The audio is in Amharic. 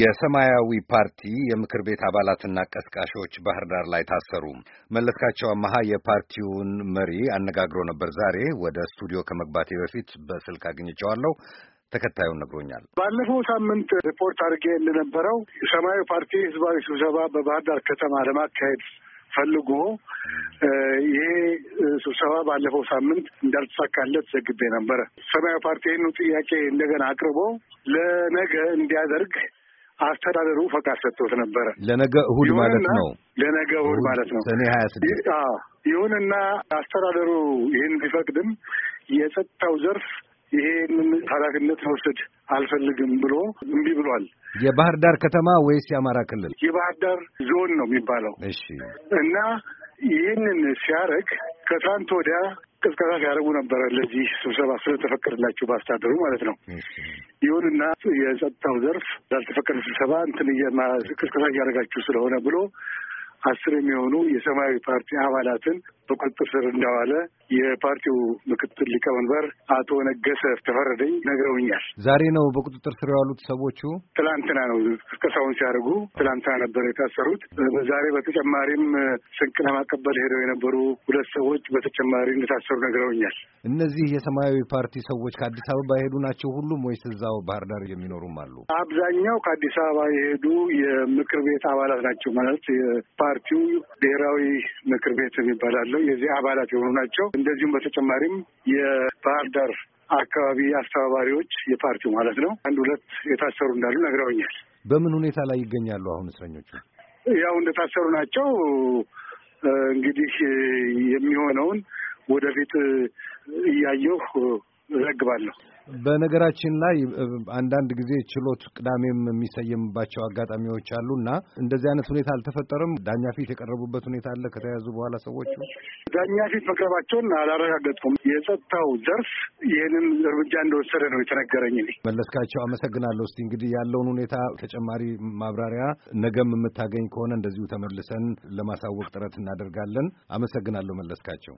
የሰማያዊ ፓርቲ የምክር ቤት አባላትና ቀስቃሾች ባህር ዳር ላይ ታሰሩ። መለስካቸው አመሃ የፓርቲውን መሪ አነጋግሮ ነበር። ዛሬ ወደ ስቱዲዮ ከመግባቴ በፊት በስልክ አግኝቸዋለሁ። ተከታዩን ነግሮኛል። ባለፈው ሳምንት ሪፖርት አድርጌ እንደነበረው የሰማያዊ ፓርቲ ህዝባዊ ስብሰባ በባህር ዳር ከተማ ለማካሄድ ፈልጎ ይሄ ስብሰባ ባለፈው ሳምንት እንዳልተሳካለት ዘግቤ ነበረ። ሰማያዊ ፓርቲ ይህንን ጥያቄ እንደገና አቅርቦ ለነገ እንዲያደርግ አስተዳደሩ ፈቃድ ሰጥቶት ነበረ። ለነገ እሁድ ማለት ነው። ለነገ እሁድ ማለት ነው ሰኔ ሀያ ስድስት ይሁንና አስተዳደሩ ይህን ቢፈቅድም የጸጥታው ዘርፍ ይሄንን ኃላፊነት መውሰድ አልፈልግም ብሎ እምቢ ብሏል። የባህር ዳር ከተማ ወይስ የአማራ ክልል? የባህር ዳር ዞን ነው የሚባለው። እሺ። እና ይህንን ሲያደርግ ከትናንት ወዲያ ቅስቀሳ ሲያደርጉ ነበረ ለዚህ ስብሰባ ስለተፈቀደላቸው በአስተዳደሩ ማለት ነው። ይሁንና የጸጥታው ዘርፍ ላልተፈቀደ ስብሰባ እንትን ቅስቀሳ እያደረጋችሁ ስለሆነ ብሎ አስር የሚሆኑ የሰማያዊ ፓርቲ አባላትን በቁጥጥር ስር እንደዋለ የፓርቲው ምክትል ሊቀመንበር አቶ ነገሰ ተፈረደኝ ነግረውኛል። ዛሬ ነው በቁጥጥር ስር የዋሉት ሰዎቹ? ትላንትና ነው ቅስቀሳውን ሲያደርጉ ትላንትና ነበር የታሰሩት። ዛሬ በተጨማሪም ስንቅ ለማቀበል ሄደው የነበሩ ሁለት ሰዎች በተጨማሪ እንደታሰሩ ነግረውኛል። እነዚህ የሰማያዊ ፓርቲ ሰዎች ከአዲስ አበባ የሄዱ ናቸው ሁሉም ወይስ እዛው ባህር ዳር የሚኖሩም አሉ? አብዛኛው ከአዲስ አበባ የሄዱ የምክር ቤት አባላት ናቸው ማለት ፓርቲው ብሔራዊ ምክር ቤት የሚባል አለው። የዚህ አባላት የሆኑ ናቸው። እንደዚሁም በተጨማሪም የባህር ዳር አካባቢ አስተባባሪዎች የፓርቲው ማለት ነው አንድ ሁለት የታሰሩ እንዳሉ ነግረውኛል። በምን ሁኔታ ላይ ይገኛሉ? አሁን እስረኞቹ ያው እንደታሰሩ ናቸው። እንግዲህ የሚሆነውን ወደፊት እያየሁ እዘግባለሁ። በነገራችን ላይ አንዳንድ ጊዜ ችሎት ቅዳሜም የሚሰየምባቸው አጋጣሚዎች እና እንደዚህ አይነት ሁኔታ አልተፈጠረም? ዳኛ ፊት የቀረቡበት ሁኔታ አለ? ከተያዙ በኋላ ሰዎቹ ዳኛ ፊት መቅረባቸውን አላረጋገጥኩም። የጸጥታው ዘርፍ ይህንን እርምጃ እንደወሰደ ነው የተነገረኝ። መለስካቸው፣ አመሰግናለሁ። እስቲ እንግዲህ ያለውን ሁኔታ ተጨማሪ ማብራሪያ ነገም የምታገኝ ከሆነ እንደዚሁ ተመልሰን ለማሳወቅ ጥረት እናደርጋለን። አመሰግናለሁ መለስካቸው።